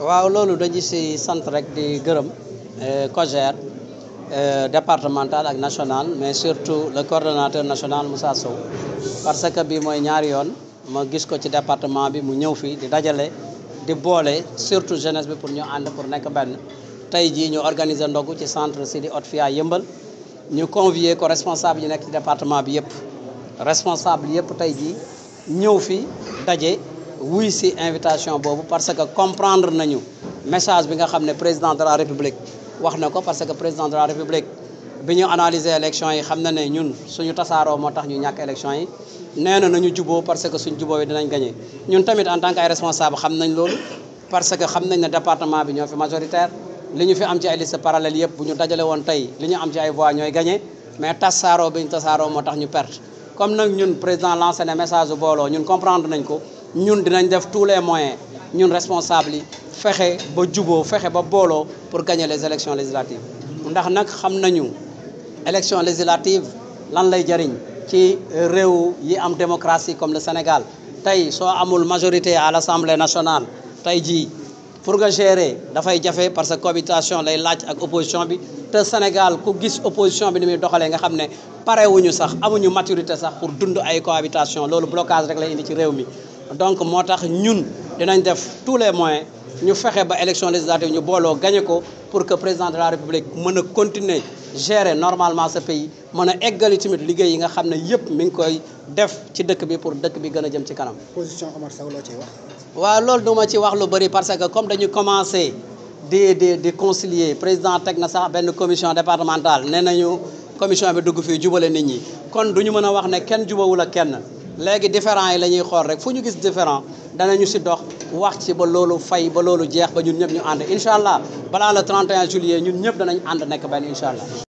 waaw loolu dañu si sant rek di gërëm euh, COJER euh, départemental ak national mais surtout le coordonnateur national Moussa Sow parce que bi mooy ñaari yoon ma gis ko ci département bi mu ñëw fii di dajale di boole surtout jeunesse bi pour ñu ànd pour nekk benn tey jii ñu organiser ndogu ci centre Sidi Hott Fia yëmbal ñu convier ko responsable yi nekk ci département bi yëpp responsable yëpp tey jii ñëw fi daje wuy si invitation boobu parce que comprendre nañu message bi nga xam ne président de la république wax na ko parce que président de la république bi ñu analyser élection yi xam na ne ñun suñu tasaaroo moo tax ñu ñàkk élection yi nee na nañu juboo parce que suñ juboo yi dinañ gagné ñun tamit en tant que ay responsable xam nañ loolu parce que xam nañ ne département bi ñoo fi majoritaire li ñu fi am ci ay liste parallèle yëpp ñu dajale woon tey li ñu am ci ay ñooy gagné mais tasaaroo bi ñu tasaaroo moo tax ñu perte comme nag ñun président lancé message booloo ñun comprendre nañ ko ñun dinañ def tous les moyens ñun responsables yi fexe ba juboo fexe ba booloo pour gagner les élections législatives ndax nag xam nañu élection législative lan lay jariñ ci euh, réew yi am démocratie comme le Sénégal tey soo amul majorité à l'Assemblée nationale tey jii pour nga gérer dafay jafe parce que cohabitation lay laaj ak opposition bi te Sénégal ku gis opposition bi ni muy doxalee nga xam ne parewuñu sax amuñu maturité sax pour dund ay cohabitation loolu blocage rek lay ci réew mi donc moo tax ñun dinañ def tous les moyens ñu fexe ba élection législative ñu booloo gagné ko pour que président de la république mën a continuer gérer normalement sa pays mën a eggali tamit liggéey yi nga xam ne yëpp mi ngi koy def ci dëkk bi pour dëkk bi gën a jëm ci kanam. position Omar Sow loo ciy loolu du ma ci wax lu bëri parce que comme dañu commencé di di di président teg na sax benn commission départementale ne nañu commission bi dugg fii jubale nit ñi kon du ñu mën a wax ne kenn jubawul ak kenn. léegi différent yi lañuy xool rek fu ñu gis différent ñu si dox wax ci ba loolu fay ba loolu jeex ba ñun ñëpp ñu ànd incha allah balaa le 31 juillet ñun ñëpp danañ ànd nekk benn incha allah